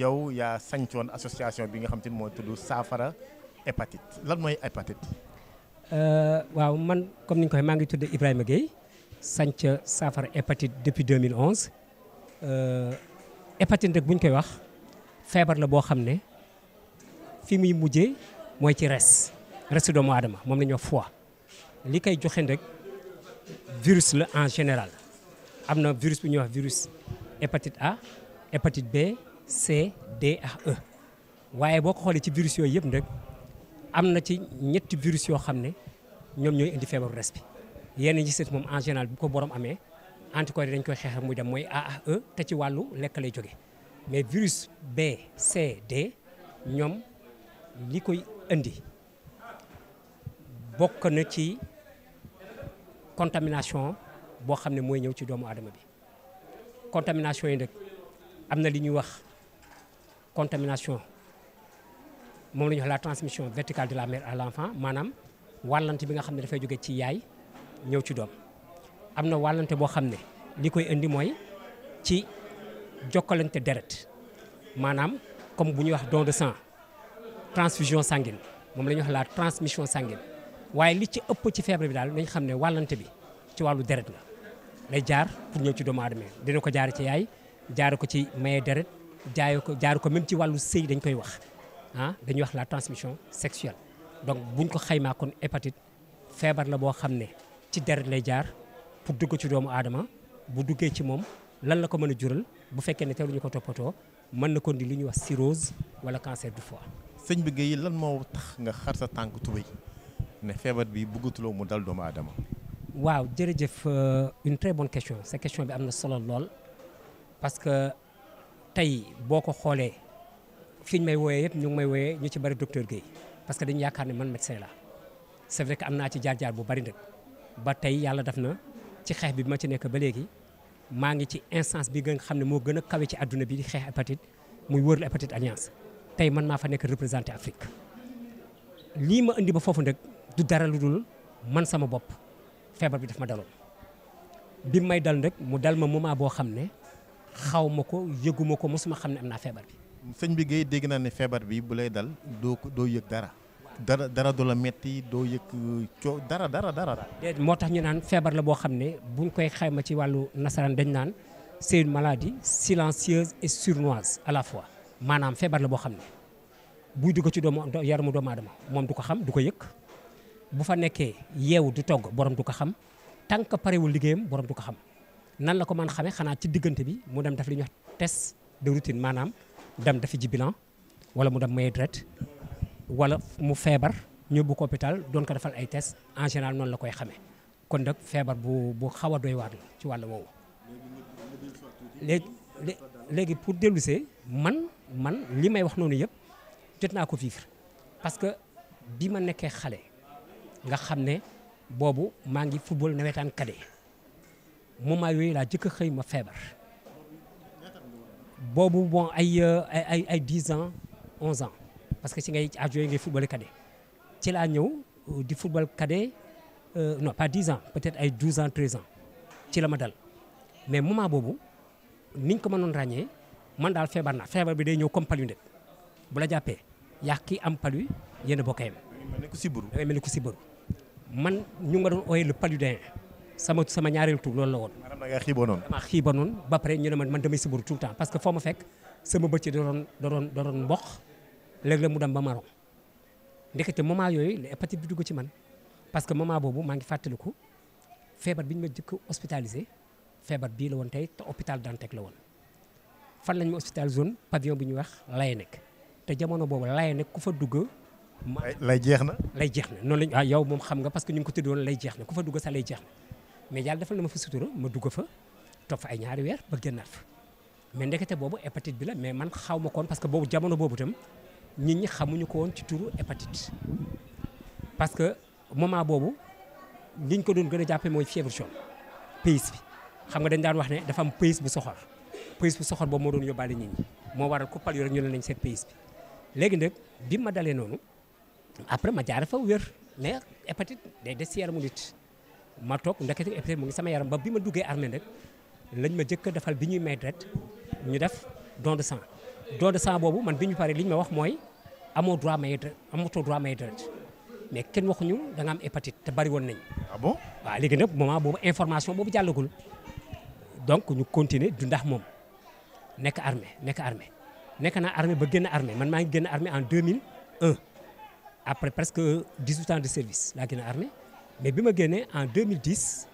yow yaa sañcoon association bi nga xam te ne moo tudd saafara hépatite lan mooy hépatite. Euh, waaw man comme ni ko maa ngi tudd Ibrahima Gueye sanc saafara hépatite depuis 2011 euh, hépatite rek bu ñu koy wax feebar la boo xam ne fi muy mujjee mooy ci res restu doomu aadama moom la ñuy wax foie li koy joxe rek virus la en général am na virus bu ñuy wax virus hépatite A hépatite B. a e. waaye boo ko xoolee ci virus yooyu yëpp nag am na ci ñetti virus yoo xam ne ñoom ñooy indi feebaru res bi yenn ñi seet moom en général bu ko borom amee anticorps dañ koy xeex muy dem mooy AAE te ci wàllu lekk lay joge mais virus B C D ñoom li koy indi bokk na ci contamination boo xam ne mooy ñëw ci doomu aadama bi contamination yi nag am na li ñuy wax contamination moom la ñuy wax la transmission verticale de la mère à l' enfant maanaam wàllante bi nga xam ne dafay jóge ci yaay ñëw ci doom am na wàllante boo xam ne li koy indi mooy ci jokkalante deret maanaam comme bu ñuy wax don de sang transfusion sanguine moom la ñuy wax la transmission sanguine waaye li ci ëpp ci feebar bi daal nañ xam ne wàllante bi ci wàllu deret la lay jaar pour ñëw ci doomu aadama dina ko jaar ci yaay jaar ko ci maye deret jaayoo ko jaar ko même ci wàllu sëy dañ koy wax ah dañuy wax la transmission sexuelle donc buñ ko xaymaa kon hépatite feebar la boo xam ne ci deret lay jaar pour dugg ci doomu aadama bu duggee ci moom lan la ko mën a jural bu fekkee ne te teeluñu ko toppatoo mën na ko di lu ñuy wax cirrhose wala cancer du fois sëñ bi Guèye lan moo tax nga xar sa tànk tubéy ne feebar bi bëggatuloo mu dal doomu aadama. waaw jërëjëf euh, une très bonne question sa question bi am na solo lool tey boo ko xoolee fi ñu may wooyee yëpp ñu ngi may wooyee ñu ci bari docteur Guèye parce que dañu yaakaar ni man médecin la c'est vrai que am naa ci jaar-jaar bu bari nag ba tey yàlla def na ci xeex bi ma ci nekk ba léegi maa ngi ci instance bi nga xam ne moo gën a kawe ci adduna bi di xeex hépatite muy World Hepatitis Alliance tey man maa fa nekk représenté Afrique lii ma indi ba foofu nag du dara lu dul man sama bopp feebar bi daf ma daloon bi may boo xam ne. xawma ko yëguma ko mosuma xam ne am naa feebar bi. sëñ bi Guèye dégg naa ne feebar bi bu lay dal doo ko doo yëg dara. dara dara du la metti doo yëg euh, coo dara dara dara. déedéet moo tax ñu naan feebar la boo xam ne buñ koy xayma ci wàllu nasaraan dañ naan c'est maladie silencieuse et sournoise à fois maanaam feebar la boo xam ne buy dugg ci doomu yaramu doomu adama moom du ko xam du ko yëg bu fa nekkee yeewu du togg borom du ko xam tant que parewul liggéeyam borom du ko xam. nan la ko man xamee xanaa ci diggante bi mu dem daf li ñuy wax test de routine maanaam dem dafi ji bilan wala mu dem may deret wala mu feebar ñëbbu ko hôpital doon ko defal ay test en général noonu la koy xamee kon nag feebar bu bu xaw a doy waar la ci wàll woowu. léegi léegi pour dellusee man man li may wax noonu yëpp jot naa ko vivre parce que bi ma nekkee xale nga xam ne boobu maa ngi football nawetaan kade moment yooy laa jëkk xëy ma feebar boobu bon euh, ay ay ay dix ans onze ans parce que ci ngay âge yooyu ngay football cadet ci laa ñëw euh, di football cadet euh, non pas dix ans peut-être ay douze ans treize ans ci la ma dal mais moment boobu niñ ko mënoon ràññee man daal feebar naa feebar bi day ñëw comme palu ndëkk bu la jàppee yaa ki am palui yéen a bokk yem. da ngay mel ni ku si bëru da si man ñu nga doon ooyee sama sama ñaareelu tur loolu la woon. maanaam da nga ba pare ñu ne man man damay siburu tout le temps parce que foo ma fekk sama bëccë da da doon da doon mboq mu dem ba maron ndekete moment yooyu la hépatite bi dugg ci man parce que moment boobu maa ngi fàttaliku feebar bi ñu ma jëkk hospitalisé feebar bii la woon tey te hôpital Dantec la woon fan lañ ma hospitalisé woon pavillon bi ñu wax laye nekk te jamono boobu laye nekk ku fa dugg. lay jeex na. lay jeex na noonu ah, jeex na ku fa dugg sax lay jeex na. mais yàlla defal na ma fa sutura ma dugg fa toog fa ay ñaari weer ba génnaat fa mais ndekete boobu hépatite bi la mais man xaw ma koon parce que boobu jamono boobu tam nit ñi xamuñu ko woon ci turu hépatite. parce que moment boobu liñ ko doon gën a jàppee mooy fièvre jaune pays bi xam nga dañ daan wax ne dafa am pays bu soxor pays bu soxor boobu moo doon yóbbaale nit ñi moo waral ko pal yu rek ñu ne nañ seet pays bi. léegi nag bi ma dalee noonu après ma jaar fa wér mais hépatite day des ci yaramu ma toog ndekete épisodes mu ngi sama yaram ba bi ma duggee armée rek lañ ma jëkk defal bi ñuy may deret ñu def don de sang don de sang boobu man bi ñu paree li ñu ma wax mooy amoo droit may deret amatoo droit may mais kenn waxuñu da nga am hépatite te bari woon nañ ah bon waaw léegi nag moment boobu information boobu jàllagul donc ñu continuer du ndax moom nekk armée nekk armée nekk naa armée ba génn armée man maa ngi génn armée en 2001 après presque 18 ans de service laa génn armée mais bi ma génnee en 2010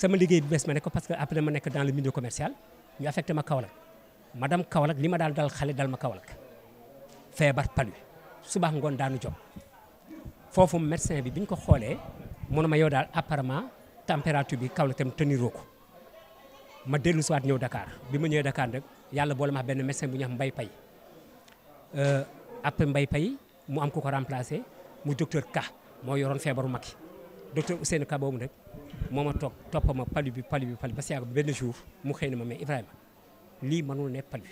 sama liggéey bi bees ma ne ko parce que après ma nekk dans le milieu commercial ñu affecté ma Kaolack ma dem Kaolack li ma daal dal xale dal ma Kaolack feebar palu subax ngoon daanu jóg foofu médecin bi bi ñu ko xoolee mun ma yow daal apparemment température bi Kaolack tam teniroo ko ma dellu si waat ñëw dakaar bi ma ñëwee Dakar nag yàlla boole ma benn médecin bu ñu xam Mbaye Paye euh, après Mbaye Paye mu am ku ko remplacé mu docteur Ka moo yoroon feebaru Macky docteur Ousseynou Ka boobu nag moo ma toog topp ma pali bi pali bi palu ba si yàgg benn jour mu xëy na ma mais Ibrahima lii mënul nekk palu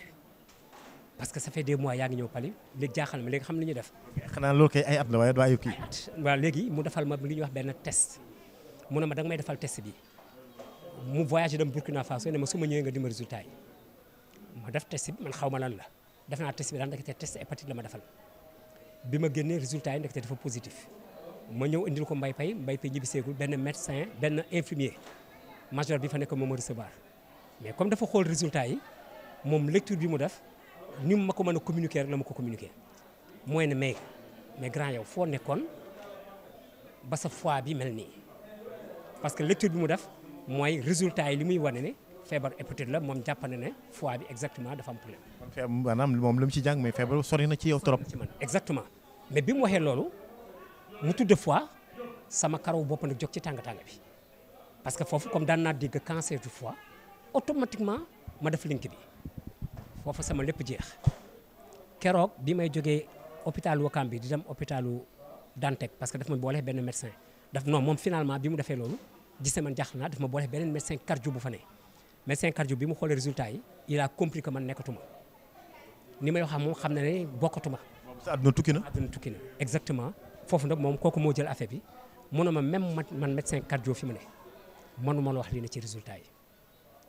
parce que ça des mois yaa ngi ñëw palu léegi jaaxal ma léegi xam li ñu def. xanaa loolu kay ay at la léegi mu defal ma li ñuy wax benn test mu ne ma danga may defal test bi mu voyagé dem Burkina Faso ne ma su ma ñëwee nga dima résultat yi ma def test bi man xaw ma lan la def naa test bi daal ndekete test hépatite la ma defal bi ma génnee résultat yi ndekete dafa positif. ma ñëw indil ko mbay pay mbay pay ñibbiseegul benn médecin benn infirmier major bi fa nekk moom a recevoir mais comme dafa xool résultat yi moom lecture bi mu def ni ma ko mën a communiquer rek la ma ko communiquer mooy ne mais mais grand yow foo nekkoon ba fois foi bi mel nii parce que lecture bi mu def mooy résultat yi li muy wane ne feebar hépatite la moom jàpp na ne fois bi exactement dafa am problème. kon feebar maanaam moom la mu ci jàng mais feebar sori na ci yow trop. exactement mais bi mu waxee loolu. mutu de fois sama karaw bopp nag jóg ci tàng tàng bi parce que foofu comme daan naa dégg cancer du foie automatiquement ma def link bi foofu sama lépp jeex keroog bi may jógee hôpitalu Wakam bi di dem hôpitalu Dantec parce que daf ma boole benn médecin daf non moom finalement bi mu defee loolu gis man jaaxle naa daf ma boole beneen médecin cardio bu fa ne médecin cardio bi mu xoolee résultat yi il a compris que ni may wax moom xam na ne bokkatuma. na àdduna tukki na exactement. foofu nag moom kooku moo jël affaire bi mu ne ma même man man médecin cardio fi mu ne mënuma la wax lii na ci résultat yi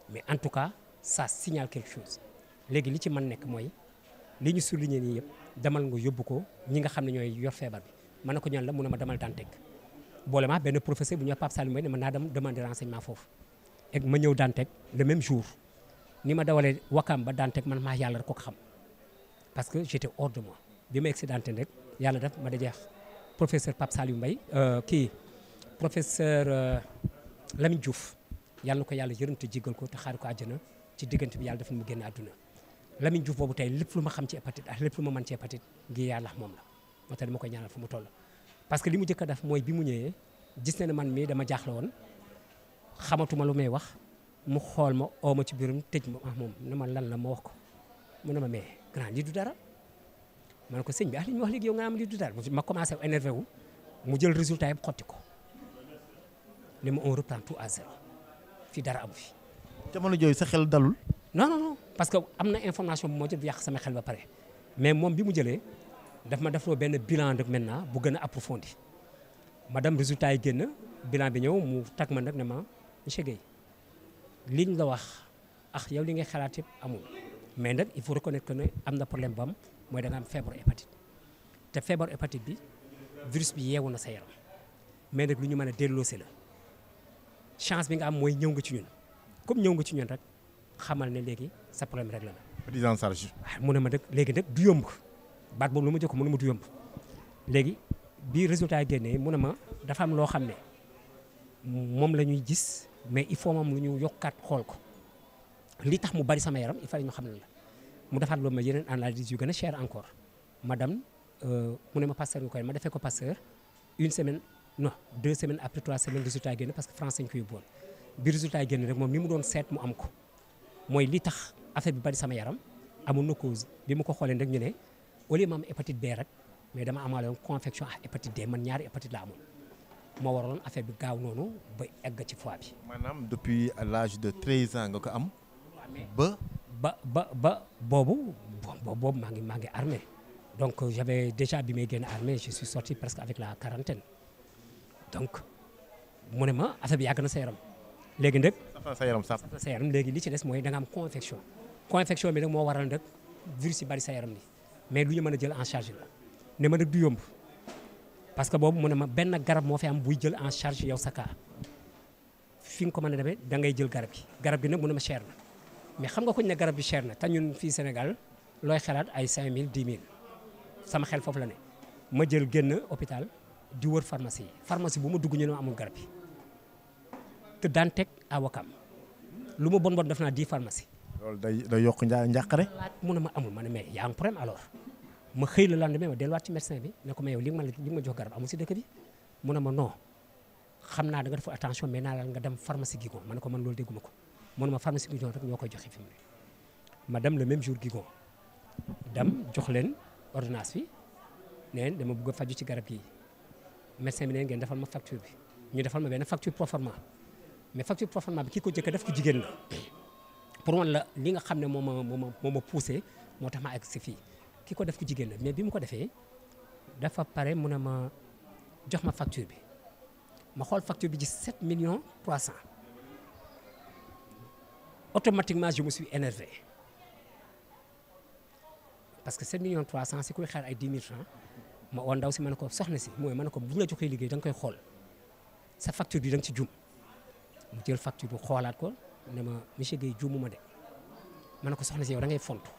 mais en tout cas ça signale quelque chose léegi li ci man nekk mooy li ñu souligné nii yëpp demal nga yóbbu ko ñi nga xam ne ñooy yor feebar bi mën na ko ñaan la mu ne ma demal Dantec boole ma benn professeur bu ñu wax Pape Salim ne ma naa dem demander renseignement foofu ek ma ñëw Dantec le même jour ni ma dawalee Wakam ba Dantec man maa yàlla ko xam parce que j'étais bi ma accidenté rek yàlla def ma dajeex professeur Pape yu mbay euh, kii professeur euh, Lamine Diouf yàlla na ko yàlla yërëm te jéggal ko te xaar ko àjjana ci diggante bi yàlla def na mu génn àdduna Lamine Diouf boobu tey lépp lu ma xam ci hépatite ak lu ma mën ci hépatite ngir yàlla moom la moo tax dama koy ñaanal fu toll parce que li mu njëkk a mooy bi mu ñëwee gis na ne man mii dama jaaxle woon lu may wax mu xool ma ma ci biirum tëj ma ah moom ne ma lan la ma wax ko mu ne ma mais grand lii du dara man ne ko señ bi ah li ñu wax léegi yow am lii du dara ma commencé énervé mu jël résultat yi xotti ko ne ma on reprend tout à zéro fii dara amu fi. jamono jooju sa xel dalul. non non parce que am na information bu moo jot yàq sama xel ba pare mais moom bi mu jëlee daf ma def defloo benn bilan rek maintenant bu gën a approfondi ma dem résultat yi génn bilan bi ñëw mu tag ma nag ne ma monsieur Guèye liñ la wax ah yow li ngay xalaat yëpp amul mais nag il faut reconnaître que ne am na problème bu mooy da nga am feebaru hépatite te feebaru hépatite bi virus bi yeewu na sa yaram mais nag lu ñu mën a delloose la chance bi nga am mooy ñëw nga ci ñun comme ñëw nga ci ñun rek xamal ne léegi sa problème rek la la. Ah, mu ne ma nag léegi nag du yomb baat boobu lu ma jëkk mu ne ma du yomb léegi bi résultat yi génnee mu ne ma dafa am loo xam ne moom la ñuy gis mais il faut moom lu ñu yokkaat xool ko li tax mu bari sama yaram il faut ñu xam ne la. mu defaat loolu ma yeneen analyse yu a cher encore ma euh, mu ne ma pasteur nga koy ma defee ko pasteur une semaine non deux semaines après trois semaines résultat yi génn parce que français ñu ko yóbbuwoon bi résultat génn rek moom ni mu doon seet mu am ko mooy li tax affaire bi bari sama yaram amul na cause bi mu ko xooleen rek ñu ne au lieu ma am hépatite B rek mais dama amaale woon confection ak hépatite D man ñaari hépatite la amoon moo waroon affaire bi gaaw noonu ba egg ci foie bi. maanaam depuis l'âge de 13 ans nga ko am. ba ba ba boobu boobu maa ngi maa ngi armé donc j'avais déjà bi may génn armée je suis sorti presque avec la quarantaine donc mu ne ma affaire bi yàgg na sa yaram léegi nag. sa yaram sa léegi li ci des mooy da nga am co-infection co-infection bi nag moo waral nag virus yi bari sa yaram ni mais lu ñu mën a jël en charge la ne ma nag du yomb parce que boobu mu ne ma benn garab moo fi am buy jël en charge yow sa fi nga ko mën a demee da ngay jël garab gi garab gi nag mu ne ma cher na. mais xam nga ñu ne garab bi cher na te ñun fii Sénégal looy xalaat ay 5000 10000 sama xel foofu la ne ma jël génn hôpital di wër pharmacie yi pharmacie bu ma dugg ñu ne amul garab yi te daan teg à Wakam lu ma bon bon def naa di pharmacie. loolu day day yokk nja njàqare. mu ne ma amul ma ne mais yaa ngi problème alors ma xëy la ci médecin bi ne ko ma yow li ma li ma jox garab amul si dëkk bi mu ne ma non xam naa da nga def attention mais naa la nga dem pharmacie gi ko ma ne ko man loolu dégguma ko. mun ma pharmacie bi ñoom rek ñoo koy joxe fi mu ne ma dem la même jour Guigon dem jox leen ordonnance bi ne dama bëgg a faju ci garab yi médecin bi ne ngeen defal ma facture bi ñu defal ma benn facture proforma mais facture proforma bi kii ko jëkk def ko jigéen la pour wan la li nga xam ne moo ma moo ma poussé moo tax ma àgg fii ki ko def ko jigéen mais bi mu ko defee dafa pare mu ne ma jox ma facture bi ma xool facture bi ci 7 millions 300. automatiquement je me suis énervé parce que 7 millions 300 si koy xaar ay 10 ma oo ndaw si ma ne ko soxna si mooy ma ne ko bu ñu la joxee liggéey da nga koy xool sa facture bi da nga ci jum mu jël facture bu xoolaat ko ne ma monsieur gay juumuma mu ma ne ko soxna si yow da ngay fontu.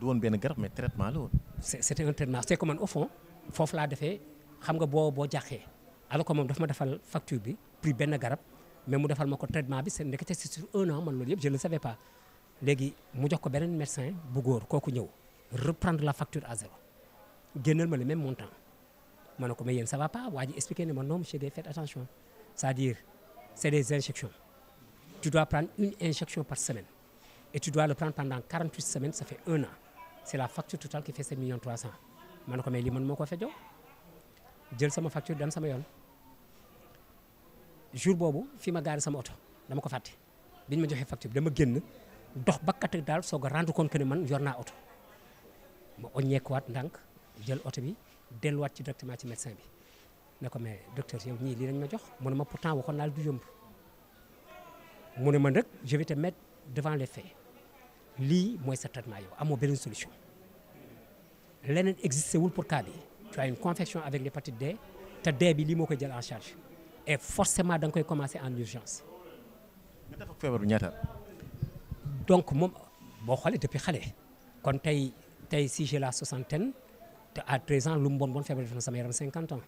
du woon benn garab mais traitement la woon. c'est c'était un traitement c'est ko man au fond foofu laa defee xam nga boo boo jàqee alors moom daf ma defal facture bi prix benn garab. mais mu defal ma ko traitement bi c'est ndekete c'est sur un an man loolu yëpp je ne le pas léegi mu jox ko beneen médecin bu góor kooku ñëw reprendre la facture à zéro génnal ma le même montant ma ne ko ma yéen ça va pas waa ji ne ma non monsieur Guèye faites attention c'est-à-dire c'est des injections tu dois prendre une injection par semaine et dois le prendre pendant 48 semaine sa fait un an c'est la facture totale qui fait 7 millions 300 man moo ko fa jël sama facture dem sama yoon. jour boobu fi ma gaari sama oto dama ko fàtte biñ ma joxee facture dama génn dox ba kat daal soog a rendre compte que ne man yor naa oto ma oññeekuwaat ndànk jël oto bi delluwaat ci directement ci médecin bi ne ko mais docteur yow ñii lii lañ ma jox mu ne ma pourtant waxoon naa du yomb mu ne ma rek je vais te mettre devant les lii mooy sa traitement yow amoo beneen solution leneen existé wul pour cas bi tu as une confection avec l'hépatite D te D bi lii moo koy jël en charge et forcément da koy commencer en urgence. nga def feebar bi ñaata donc moom boo xoolee depuis xale. kon tey tey si j'ai la soixantaine te à 13 ans lu mu bon bon feebar def na sama yaram 50 ans.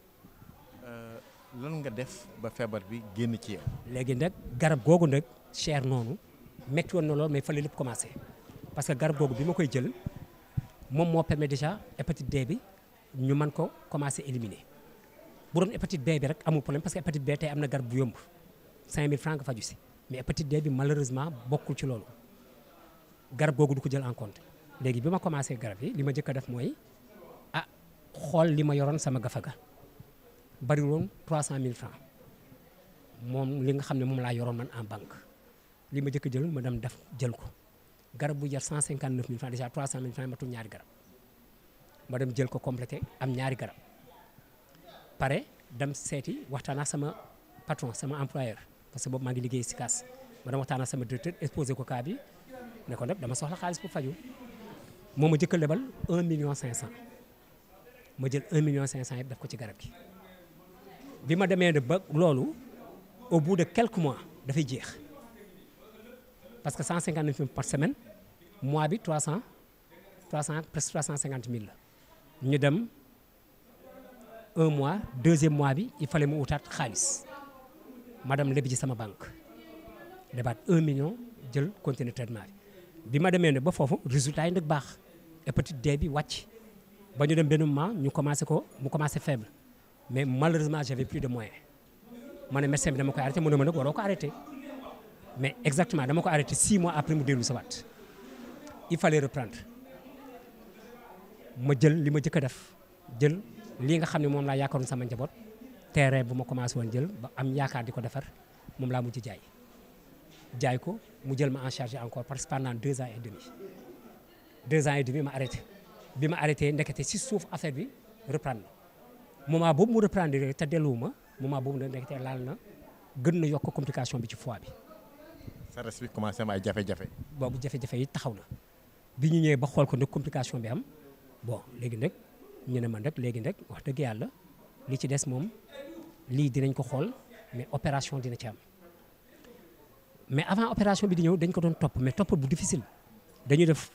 Euh, lan nga def ba feebar bi génn ci yow. léegi nag garab googu nag cher noonu métti woon na lool mais fa lépp commencé parce que garab googu bi ma koy jël moom moo permet déjà hépatite D bi ñu mën ko commencer éliminer. bu doon hépatite B bi rek amul problème parce que hépatite B tey am na garab bu yomb 5000 francs nga faju si mais hépatite D bi malheureusement bokkul ci loolu garab googu du ko jël en compte léegi bi ma commencé garab yi li ma njëkk def mooy ah xool li ma yoroon sama gafaga bari woon 300000 francs moom li nga xam ne moom laa yoroon man en banque li ma njëkk a jël ma dem def jël ko garab bu jar 159000 francs déjà 300000 francs matul ñaari garab ma dem jël ko complété am ñaari garab. pare dem seeti waxtaanaa sama patron sama employeur parce que boobu maa ngi liggéey si kaas ma dem waxtaanaa sama directeur exposé ko cas bi ne ko nag dama soxla xaalis pour faju moom ma jëkk a lebal 1 million 500 ma jël 1 cinq 500 yi def ko ci garab gi bi ma demee ne ba loolu au bout de quelque mois dafay jeex parce que 150 000 par semaine mois bi 300 300 presque 350 000 la ñu dem. un mois deuxième mois bi il fallait mu wutaat xaalis ma dem lebi ci sama banque debaat un million jël continuer traitement bi bi ma demee ne ba foofu résultat yi nag baax hépatite D bi wàcc ba ñu dem benn moment ñu commencé ko mu commencé faible mais malheureusement j'avais plus de moyens ma ne médecin bi dama koy arrêté mu ne ma nag waroo ko arrêté mais exactement dama ko arrêté six mois après mu dellu sa waat il fallait reprendre ma jël li ma jëkk a def jël lii nga xam ne moom laa yaakaaroon sama njaboot terrain bu ma commencé woon jël ba am yaakaar di ko defar moom laa mujj jaay jaay ko mu jël ma en charge encore parce que pendant deux ans et demi deux ans et demi ma arrêté bi ma arrêté ndekete si suuf affaire bi reprendre moment boobu mu reprendre te delluwu delluwuma moment boobu nag ndekete laal na gën na yokk complication bi ci foie bi. sa res bi commencé am ay jafe-jafe. boobu jafe-jafe yi taxaw na bi ñu ñëwee ba xool ko ne complication bi am bon léegi nag. ñu ne man rek léegi rek wax dëgg yàlla li ci des moom lii dinañ ko xool mais opération dina ci am mais avant opération bi di ñëw dañ ko doon topp mais topp bu difficile dañu def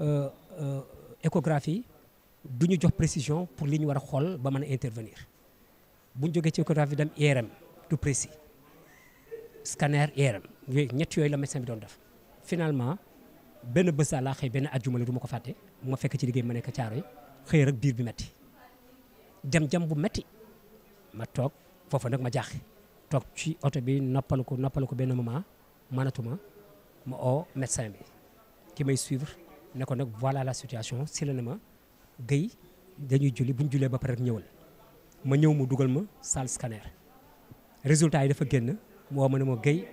euh, euh, échographie du ñu jox précision pour li ñu war a xool ba mën a intervenir bu ñu jógee ci échographie dem IRM du précis scanner IRM yooyu ñett yooyu la médecin bi doon def finalement benn bés laa xëy benn ajjuma la du ma ko fàtte ma fekk ci liggéey ma nekk caaro xëy rek biir bi metti dem jam bu metti ma toog foofa nag ma jaaxle toog ci oto bi noppalu ko noppalu ko benn moment mënatuma ma oo médecin bi ki may suivre ne ko nag voilà la situation si la ne ma Guèye dañuy julli bu ñu jullee ba pare ñëwal ma ñëw mu dugal ma salle scanner résultat yi dafa génn moo ma ne moo Guèye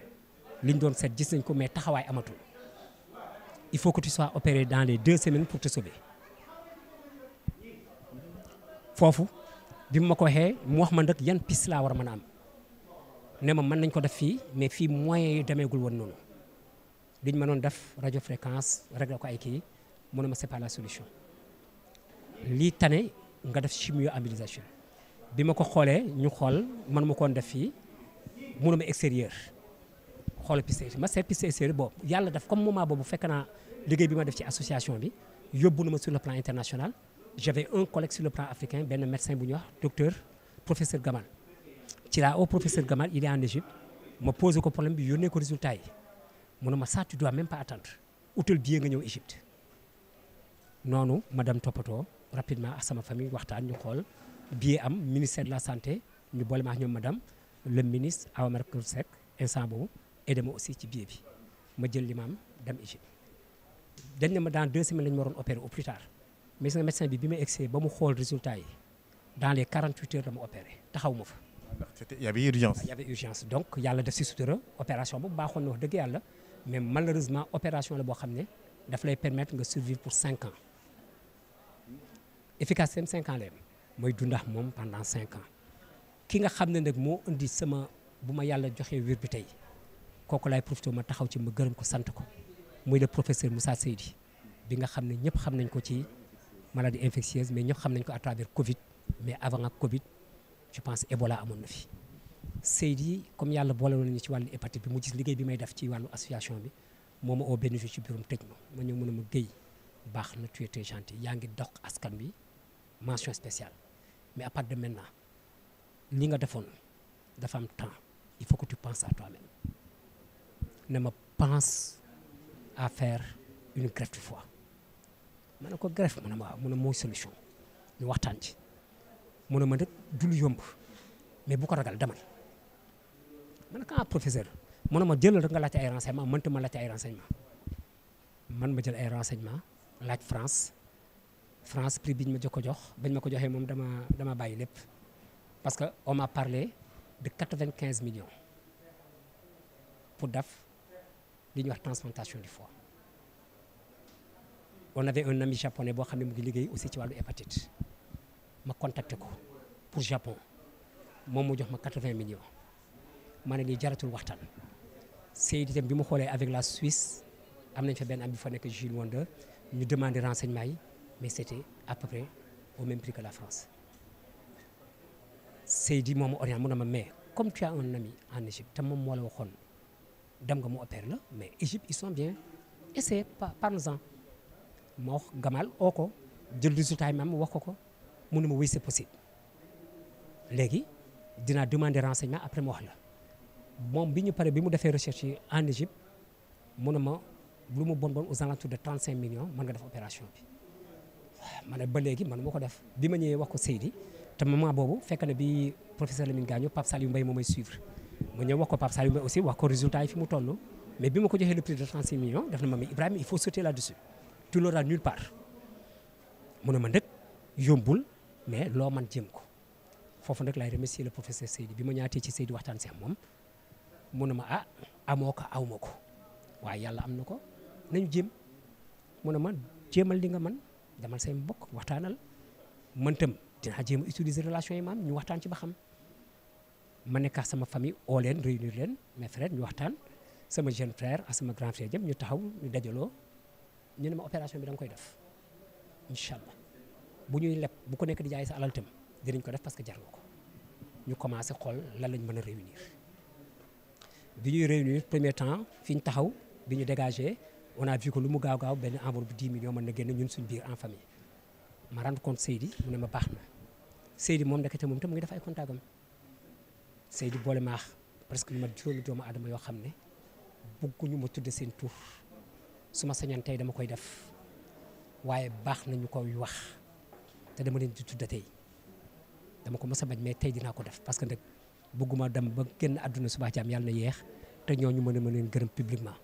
li ñu doon seet gis nañ ko mais taxawaay amatul il faut que tu sois opéré dans les deux semaines pour te sauver. foofu bi ma ko waxee mu wax man rek yan piste laa war a mën a am ne ma mën nañ ko def fii mais fii moyen yi demeegul woon noonu liñ mënoon def radio fréquence réglé ko ay kii mu ne ma c'est la solution lii tane nga def chimio ambulisation bi ma ko xoolee ñu xool man ma koon def fii mu ne ma extérieur xool piste ma seet piste extérieur boobu yàlla def comme moment boobu fekk naa liggéey bi ma def ci association bi yóbbu na ma sur le plan international j'avais un collègue le plan africain benn médecin bu ñuy wax docteur professeur Gamal ci laa au professeur Gamal il est en Égypte ma posé ko problème bi yónnee ko résultat yi mu ne ma ça tu dois même par attendre utal bie nga ñëw Égypte noonu ma dem toppatoo rapidement ak sama famille waxtaan ñu xool billet am ministère de la santé ñu boole ma ak ñoom le ministre Awa Marie Seck instant boobu aidé ma aussi ci billet bi ma jël li ma am dem Égypte dañ ne ma dans deux semaines waroon opérer au plus mais gis nga bi bi ma egsee ba mu xool résultat yi dans les 48 heures dama opéré taxaw ma fa. il y avait urgence. il yàlla def si sutura opération boobu baaxoon na wax dëgg yàlla mais malheureusement opération la boo xam ne daf lay permettre nga survivre pour 5 ans efficacité am 5 ans la mooy dundax moom pendant cinq ans ki nga xam ne nag moo indi sama bu ma yàlla joxee wér bi tey kooku laay profité ma taxaw ci ma gërëm ko sant ko muy le professeur Moussa Seydi ko ci. maladie infectieuse mais ñëpp xam nañ ko à travers Covid mais avant ak Covid je pense Ebola amoon na fi Seydi yi comme yàlla boole woon nañu ci wàllu hépatite bi mu gis liggéey bi may def ci wàllu association bi moom ma oo benn jour ci biirum tëj ma ñëw mën a ma géy baax na tu étais gentil yaa ngi dox askan bi mention spéciale mais à partir de maintenant li nga defoon dafa am temps il faut que tu penses à toi-même ne ma pense à faire une greffe du ma ne ko greffe mun a mooy solution ñu waxtaan ci mun ne ma nag du yomb mais bu ko ragal demal ma ne ko ah professeur mu ne ma jëlal rek nga laajte ay renseignement mënta ma laajte ay renseignement man ma jël ay renseignement laaj France France prix biñ ma jox ko jox bañ ma ko joxee moom dama dama bàyyi lépp parce que on m'a parle de quatre-vingt-quinze millions pour def li ñuy wax transplantation du foie on avait un ami japonais boo xam ne mu ngi liggéey aussi ci wàllu hépatite ma contacté ko pour Japon moom mu jox ma 80 millions ma ne lii jaratul waxtaan Seydi itam bi mu xoolee avec la Suisse am nañ fa benn am bi fa nekk Jules Wonder ñu demandé renseignement yi mais c'était à peu près au même prix la France Seydi moom orient mu ne ma mais comme tu as un ami en Égypte te moom moo la waxoon dem nga mu opère la mais Égypte ils sont bien essayez par parle ma wax Gamal oo ko jël résultat yi ma am wax ko ko mun ne ma oui c'est possible léegi dinaa demander renseignement après ma wax la moom bi ñu pare bi mu defee recherche en Égypte mu ne ma lu mu bon aux alentours de 35 millions mën nga def opération ah, bi ma ñëwee wax ko Seydi te moment boobu fekk na bi professeur Lamine Gagnon Pape Saliou Mbaye moom may suivre ma ñëw wax ko Pape Saliou Mbaye aussi wax ko résultat fi mu toll mais bi ma ko joxee le prix de tu l'auras nulle part mu ne ma ndëkk yombul mais loo man jéem ko foofu nag laay remercier le professeur Seydi bi ma ñaatee ci Seydi waxtaan si moom mu ne ma ah amoo ko awma ko waaye yàlla am na ko nañ jéem mu ne ma jéemal li nga man demal seen mbokk waxtaanal man tam dinaa jéem a utiliser relation yi maam ñu waxtaan ci ba xam ma nekk ak sama famille oo leen réunir leen mes frères ñu waxtaan sama jeune frère ak sama grand frère jëm ñu taxaw ñu dajaloo ñu ne ma opération bi da koy def incha allah bu ñuy leb bu ko nekk di jaay sa alal tam dinañ ko def parce que jar na ko ñu commencé xool lan lañ mën a réunir bi ñuy réunir premier temps fi ñu taxaw bi ñu dégagé on a vu lu mu gaaw gaaw benn enveloppe bu 10 millions mën na génn ñun suñ biir en famille ma rendre compte Seydi ne ma baax na Seydi moom ndekete moom tam mu ngi def ay contactam Seydi boole maax presque lu ma juróomi doomu aadama yoo xam ne bëgguñu ma tudd seen tur su ma sañoon dama koy def waaye baax nañu koy wax te dama leen di tudda tey dama ko mës a bañ mais tey dinaa ko def parce que nag bëgguma dem ba génn àdduna subaa jaam yàlla na yeex te ñoo ñu mën a mën leen gërëm publiquement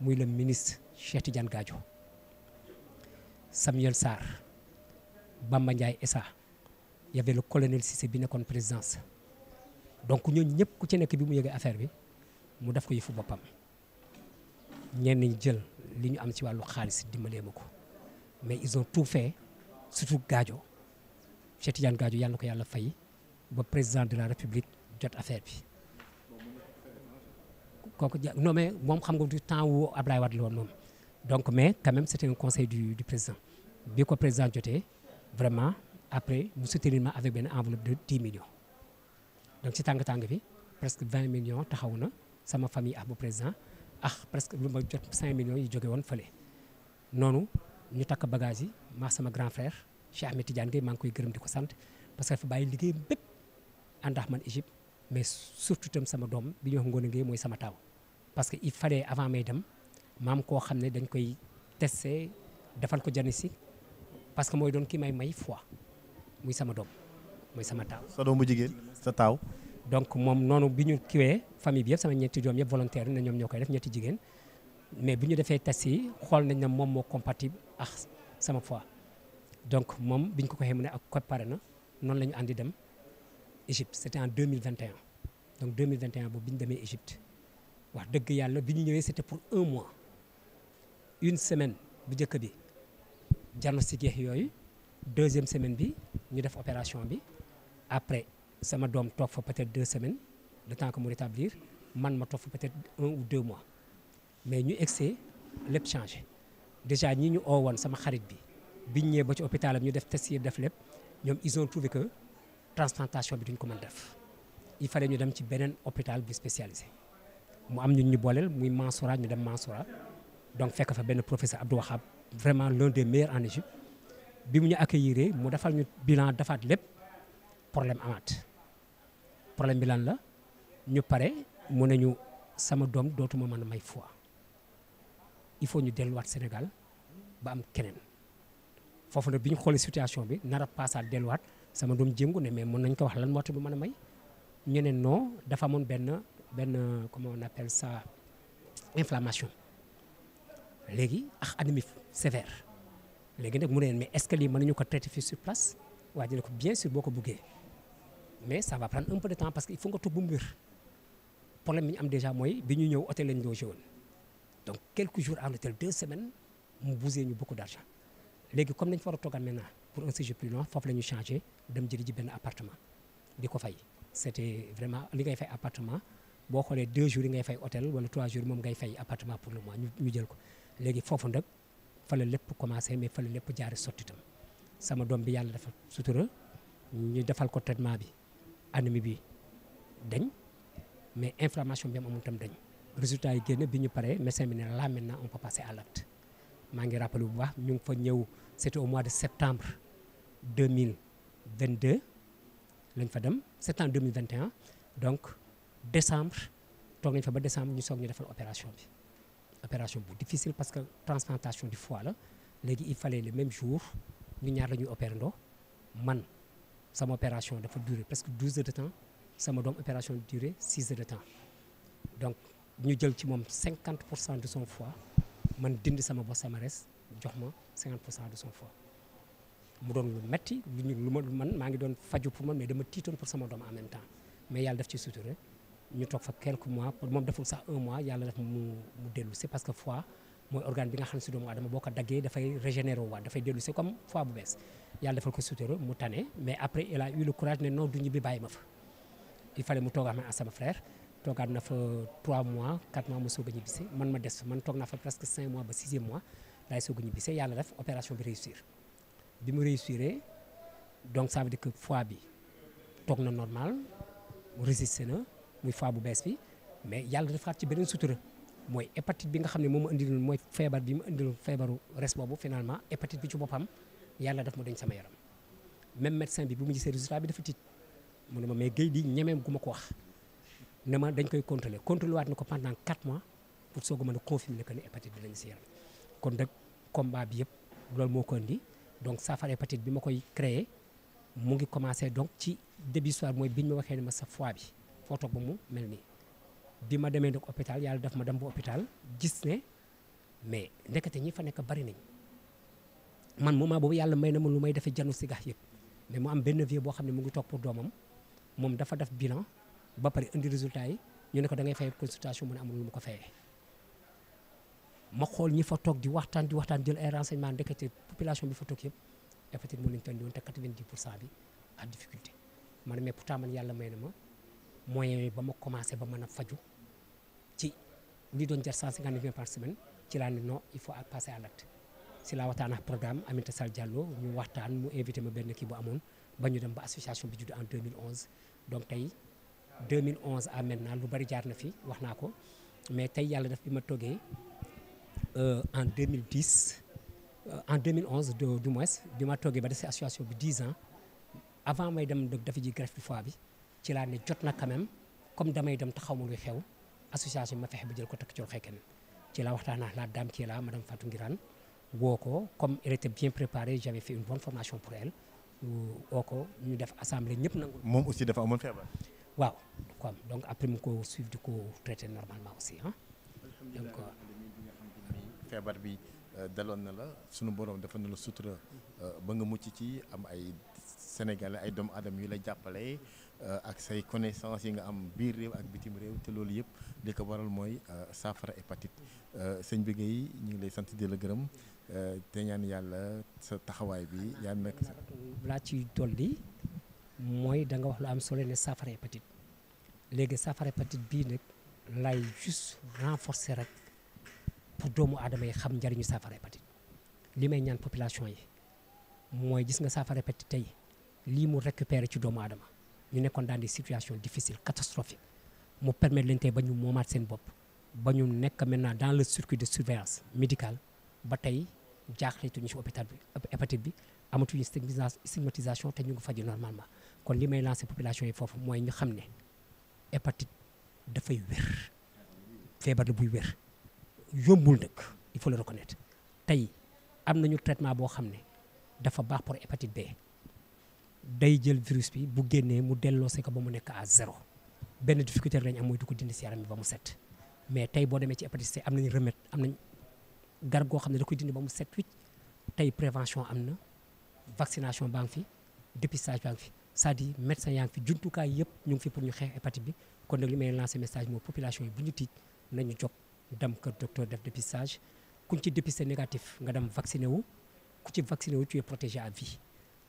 muy le ministre Cheikh Tidiane Gadio Samuel Sarr Bamba Ndiaye Essa y avait le colonel bi nekkoon présidence donc ñooñu ñëpp ku ci nekk bi mu yëgee affaire bi mu def ko yëfu boppam. ñenn ñi jël li ñu am ci wàllu xaalis dimbalee ma ko mais ils ont tout fait surtout Gadio Cheikh Tidiane Gadio yàlla ko yàlla fay ba président de la république jot affaire bi. kooku ja non mais moom xam nga du temps wu Ablaye Wade la woon moom donc mais quand même c'était un conseil du président bi ko président jotee vraiment après mu soutenir ma avec benn enveloppe de 10 millions. donc ci tàng-tàng bi presque 20 millions taxaw na sama famille ak ah bu président. ah presque ñu ma jot 5 millions yi jóge noonu ñu takk bagage yi maa sama Cheikh Ahmed Tidiane Gueye maa ngi koy gërëm di ko sant parce que dafa bàyyi liggéey bépp ànd man Égypte mais surtout tam sama doom bi ñu wax Ngoné Gueye mooy sama taw parce que il fallait avant may dem maam koo xam ne dañ koy testé defal ko diagnostic parce que mooy doon ki may may fois muy sama doom mooy sama taaw. sa doomu jigéen sa taaw. donc moom noonu bi ñu kiwee famille bi yëpp sama ñetti doom yëpp volontaire na ñoom ñoo koy def ñetti jigéen mais bu ñu defee test yi xool nañ ne moom moo compatible ak sama fois donc moom biñ ko ko xamee ne ak comparé na noonu la ñu àndi dem Égypte c'était en 2021 donc 2021 boobu bi ñu demee Égypte wax dëgg yàlla bi ñu ñëwee c'était pour un mois une semaine bu njëkk bi diagnostic yeex yooyu deuxième semaine bi ñu def opération bi après sama doom toog fa peut deux semaines le temps que mu rétablir man ma toog peut-être un ou deux mois mais ñu egsee lépp changé déjà ñi ñu oo woon sama xarit bi biñ ñëwee ba ci hôpital am ñu def test yi def lépp ñoom ils ont trouvé que transplantation bi duñ ko mën def il fallait ñu dem ci beneen hôpital bu spécialisé mu am ñu ñu booleel muy Mansoura ñu dem Mansoura donc fekk fa benn professeur Abdou Wahab vraiment l'un des maire en Égypte bi mu ñu accueillir mu defal ñu bilan defaat lépp problème amaat problème bi lan la ñu pare mu ne ñu sama doom dootuma mën a may fois il faut ñu delluwaat Sénégal ba am keneen foofu nag bi ñu xool situation bi nara a paasaat delluwaat sama doom jéngu ne mais mën nañ ko wax lan moo tax du mën a may ñu noo dafa amoon benn benn comment on appelle ça inflammation léegi ak ah, anémie sévère léegi nag mu ne mais est-ce que mën nañu ko traiter fii sur place waa dina ko bien sûr boo ko buggee mais ça va prendre un peu de temps parce que il problème bi ñu am déjà mooy bi ñu ñëw hôtel lañ logé woon donc quelques jours en hôtel deux semaines mu bousee ñu beaucoup d' argent léegi comme nañ foofu lañu ñu changé dem jëli ji benn appartement di ko fay c' vraiment li ngay fay appartement boo xoolee deux jours yi ngay fay hôtel wala trois jours moom ngay fay appartement pour le mois ñu jël ko léegi foofu nag fa la lépp commencé mais fa la lépp jaari sotti tam sama doom bi yàlla dafa sutura ñu defal ko traitement bi anémie bi mais inflammation bi am amul tam dañ résultat yi génn bi ñu paree médecin bi ne là maintenant on peut passer à l'acte maa ngi rappelé bu baax ñu ngi fa ñëw c'était au mois de septembre 2022 lañ fa dem septembre 2021 donc décembre toog nañ fa ba décembre ñu soog ñu defal opération bi opération bu difficile parce que transplantation du fois la léegi il fallait le même jour ñu ñaar la ñuy opéré ndoo man sama opération dafa durer presque 12 heures de temps sama doom opération bi duré six heures de temps donc ñu jël ci moom cinquante pour cent de son foie man dindi sama bos sama res jox ma cinquante pour cent de son foie mu doon lu metti lu ñu lu man maa ngi doon faju pour man mais dama tiitoon pour sama doom en même temps mais yàlla daf ci suturé ñu toog fa quelques mois pour moom deful sax un mois yàlla def mu mu dellu si parce que fois mooy organe bi nga xam ne doom doomu aadama boo ko daggee dafay régénérer waat dafay dellu si comme foie bu bees yàlla defal mu tane mais après il a eu bi bàyyi ma fa il fallait mu toogaat ak sama frère toogaat na fa 3 mois 4 mois mu soog a ñibbisi man ma des man toog naa fa presque 5 mois ba 6e mois laay soog a ñibbisi yàlla def opération bi réussir bi mu réussir donc ça veut dire que fois bi toog na normal mu résisté na muy foie bu bees bi mais yàlla defaat ci benn sutura mooy hépatite bi nga xam ne moom ma indiloon mooy feebar bi ma indiloon feebaru res boobu finalement hépatite bi ci boppam yàlla daf ma doñ sama yaram mun ne ma mais géej di ñemeem gu ma ko wax ne ma dañ koy contrôler contrôlé waat na ko pendant quatre mois pour soog a mën a confirmer que ne hépatite bi lañ si yaram kon nag combat bi yëpp loolu moo ko indi donc saafara hépatite bi ma koy créé mu ngi commencé donc ci début soir mooy biñ ma waxee ne ma sa fois bi foo toog ba mu mel nii bi ma demee nag hôpital yàlla daf ma dem ba hôpital gis ne mais ndekete ñi fa nekk bari nañ man moment boobu yàlla may na ma lu may defee janu si gax yëpp mais mu am boo xam ne mu ngi toog pour doomam moom dafa def bilan ba pare indi résultat yi ñu ne ko da ngay fay consultation mu ne amul lu mu ko fayee ma xool ñi fa toog di waxtaan di waxtaan jël ay renseignement ndekete population bi fa toog yëpp hépatite moo te 90 pour cent bi à difficulté man mais pourtant man yàlla may na ma moyen yi ba ma commencé ba man a faju ci li doon jar 150 par semaine ci laa ne non il faut passer à l'acte si laa waxtaan ak programme Aminata Sall Diallo ñu waxtaan mu invité ma benn kii bu amoon ba ñu dem ba association bi judd en 2011 donc tey 2011 à maintenant lu bari jaar na fi wax naa ko mais tey yàlla def bi ma toggee euh, en 2010 euh, en 2011 de du moins bi ma toggee ba def si association bi 10 an avant may dem dafa ji greffe fois bi ci laa ne jot na quand même comme damay dem taxaw ma luy xew association bi ma fexe ba jël ko takk ci loxo kenn ci laa waxtaan ak la dame kii la madame Fatou Ngirane woo ko comme elle bien préparée j'avais fait une bonne formation pour elle woo ko ñu def assemblée ñëpp nangu. moom aussi dafa amoon feebar. waaw comme donc après mu ko suivre di ko traité normalement aussi ah. donc euh, feebar bi euh, daloon na la sunu borom dafa na la sutura euh, ba nga mucc ci am ay sénégalais ay doomu aadama yu la jàppale. Euh, ak say connaissance yi nga am biir réew ak bitim réew te loolu yëpp li ko waral mooy euh, saafara hépatite euh, sëñ bi Guèye ñu ngi lay sant di la gërëm te ñaan yàlla sa taxawaay bi yàlla nekk sa balaa ci dolli mooy da nga wax lu am solo ne saafara hépatite léegi saafara hépatite bii nag lay juste renforcer rek pour doomu aadama yi xam njariñu saafara hépatite li may ñaan population yi mooy gis nga saafara hépatite tey lii mu récupérer ci doomu aadama ñu nekkoon dans des situations difficiles catastrophiques mu permettre leen tey ba ñu moomaat seen bopp ba ñu nekk maintenant dans le circuit de surveillance médicale ba tey jaaxleetuñu si hôpital bi hépatite bi amatuñu stigmatisation te ñu ngi faji normalement kon li may lancé population yi foofu mooy ñu xam ne hépatite dafay wér feebar la buy wér yombul nag il faut le reconnaître tey am nañu traitement boo xam ne dafa baax pour hépatite B day jël virus bi bu génnee mu delloose ko ba mu nekk à zéro benn difficulté lañu am mooy du ko dindi si yaram bi ba mu set mais tey boo demee ci hépatite C am nañ remède am nañ garab goo xam ne da koy dindi ba mu set wicc tey prévention am na vaccination baa ngi fi dépistage baa ngi fi cest à médecin yaa ngi fi jumtukaay yëpp ñu ngi fi pour ñu xeex hépatite bi kon nag li may lancer message mooy population yi bu ñu tiit nañu jóg dem kër docteur def dépistage kuñ ci dépisté négatif nga dem vacciné wu ku ci vacciné wu tu es protégé à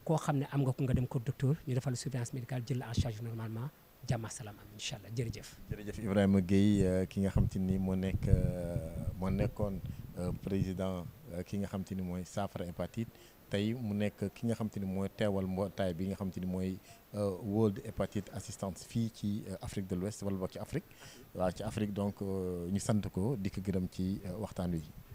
koo xam ne am nga ku nga dem ko docteur ñu defal surveillance médicale jël la en charge normalement jàmm ak salaam am incha allah jërëjëf. jërëjëf Ibrahima Gueye euh, ki nga xam te ni moo nekk euh, moo nekkoon euh, président ki nga xam te ni mooy saafara hépatite tey mu nekk ki nga xam te ni mooy teewal mbootaay bi nga xam te ni mooy World Hepatite Assistance fii ci Afrique de l'Ouest wala boog ci Afrique waaw ci Afrique donc ñu sant ko di ko gërëm ci waxtaan wi.